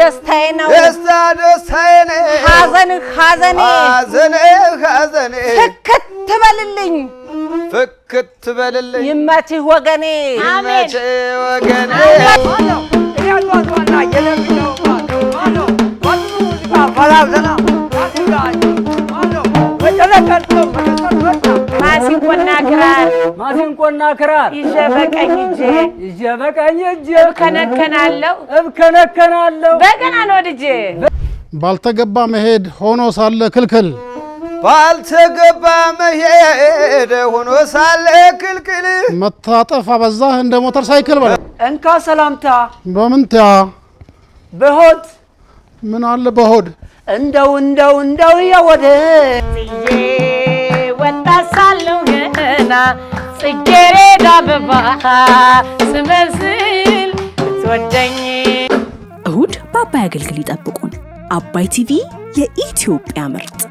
ደስታዬ ነው ደስታ ደስታዬ ነው ሐዘንህ ሐዘኔ ሐዘንህ ሐዘኔ ፍክት ትበልልኝ ፍክት ትበልልኝ ይመችህ ወገኔ ይመችህ ወገኔ ማሲንቆና ክራር ማሲንቆና ክራር ይዤ በቀኝ እጄ ይዤ በቀኝ እጄ እብከነከናለሁ እብከነከናለሁ በገና ነው ልጄ። ባልተገባ መሄድ ሆኖ ሳለ ክልክል ባልተገባ መሄድ ሆኖ ሳለ ክልክል መታጠፍ አበዛህ እንደ ሞተር ሳይክል በለ እንካ ሰላምታ በምንትያ በሆድ ምን አለ በሆድ እንደው እንደው እንደው የወደ ወጣ ሳለሁ ገና ጽጌረዳ አበባ ስመስል ትወደኝ። እሁድ በአባይ አገልግል ይጠብቁን። አባይ ቲቪ የኢትዮጵያ ምርጥ